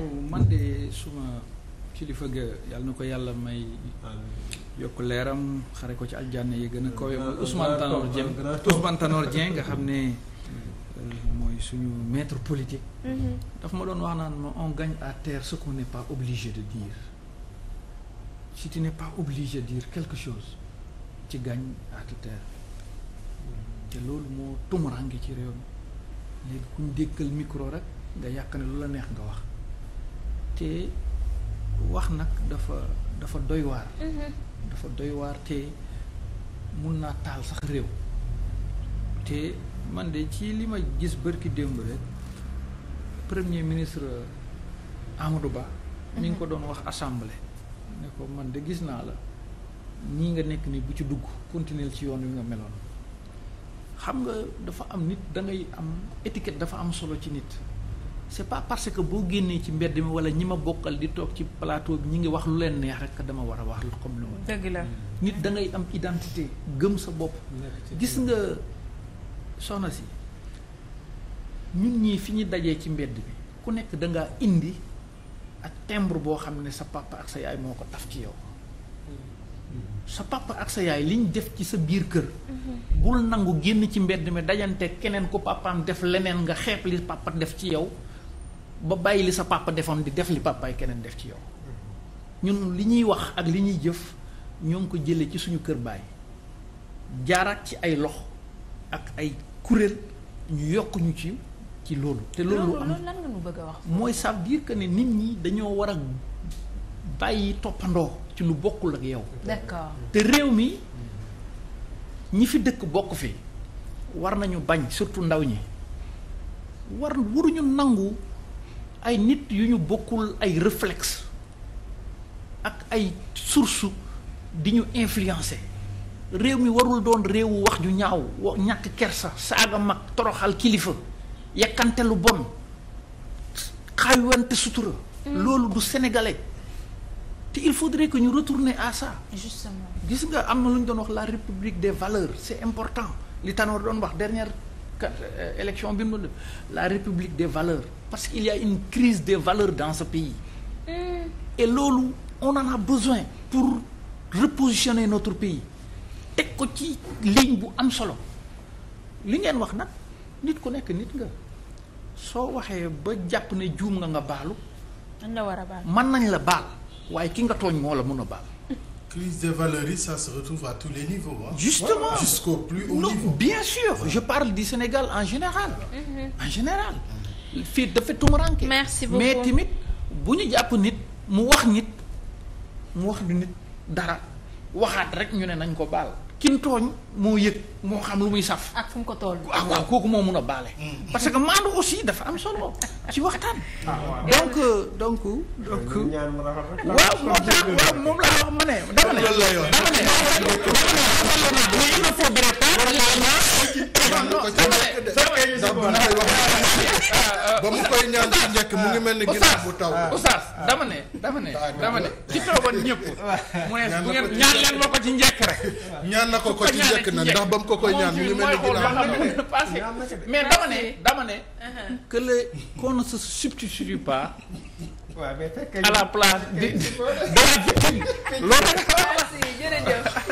waaw man de suma kilifa ga yàlla na ko yàlla may. yokk leeram xare ko ci aljanna yi gën a kawe mooy Ousmane Tanor Dieng Ousmane Tanor nga xam ne mm-hmm. euh, mooy suñu maître politique mm-hmm. daf ma doon wax naan ma on gagne à terre ce qu'on n'est pas obligé de dire si tu n'es pas obligé de quelque chose ci gagne à terre te loolu moo tumurange ci réew mi léegi kuñ dékkal micro rek nga yàq ne lu la neex nga wax te wax nag dafa dafa doy waar mm-hmm. dafa doy waar te mun naa taal sax réew te man de ci li may gis bërki démb rek premier ministre Amadou Ba mi ngi ko mm-hmm. doon wax assemblée ne ko man de gis naa la ñii nga nekk ni bu ci dugg continuer ci yoon wi nga meloon xam nga dafa am nit da am étiquette dafa am solo ci nit c' est pas parce que boo génnee ci mbedd mi wala ñi ma bokkal di toog ci plateau bi ñu ngi wax lu leen neex rek dama war a wax comme loolu. dëgg la nit da ngay am identité gëm sa bopp. gis nga soxna si ñun ñii fi ñu dajee ci mbedd bi ku nekk da indi ak timbre boo xam ne sa papa ak sa yaay moo ko taf ci yow. sa papa ak sa yaay liñ def ci sa biir kër. Mhm. bul nangu génn ci mbedd mi dajante keneen ku papaam def leneen nga xeeb li papa def ci yow. ba bàyyi li sa papa defoon di def li papa keneen def ci yow ñun li ñuy wax ak li ñuy jëf ñoo ngi ko jëlee ci suñu kër baay jaaraat ci ay lox ak ay kuréel ñu yokk ñu ci ci loolu. te loolu am lan bëgg mooy ça veut dire ne nit ñi dañoo war a bàyyi toppandoo ci lu bokkul ak yow. d'accord te réew mi ñi fi dëkk bokk fi war nañu bañ surtout ndaw ñi war waruñu nangu. ay nit yu ñu bokkul ay réflexe ak ay source di ñu influencer réew mi warul doon réewu wax ju ñaaw wax ñàkk kersa saaga mag toroxal kilifa yàkkante lu bon xaywante sutura mm. loolu du sénégalais te il faudrait que ñu retourner à ça justement gis nga am na lu ñu doon wax la république des valeurs c'est important li Tanor doon wax dernière Euh, élection bi mu la république des valeurs parce que y a une crise des valeur dans ce pays mm. et loolu on en a besoin pour repositionner notre pays teg ko ci ligne bu am solo li ngeen wax nag nit ku nekk nit nga soo waxee ba jàpp ne juum nga nga baalu mën nañ la baal waaye ki nga tooñ moo la mun a baal crise des valeurs sa ça se retrouve à tous les niveaux hein? justement ouais, jusqu'au plus haut non, bien sûr je parle du Sénégal en général mhm. en général fii dafa tumuranke merci beaucoup mais bu ñu jàpp nit mu wax nit mu wax du nit dara waxaat rek ñu ne nañ ko bal kin tooñ moo yëg moo xam lu muy saf. ak fu mu ko tool ah waaw kooku moo mun a baale. parce que maandu aussi dafa am solo ci waxtaan. donc donc donc. waaw moom laa wax ma ne. dama ne dama ne ba mu koy ñaan ci njëkk mu ngi mel ni ginnaaw bu taw oustaz dama ne dama ne dama ne ci toogoon ñëpp mu ne bu ngeen ñaan leen ma ko ci njëkk rek ñaan na ko ko ci njëkk na ndax ba mu ko koy ñaan mu ngi mel ni ginnaaw passé mais dama ne dama ne que le qu'on ne se substitue pas à la place de la victime loolu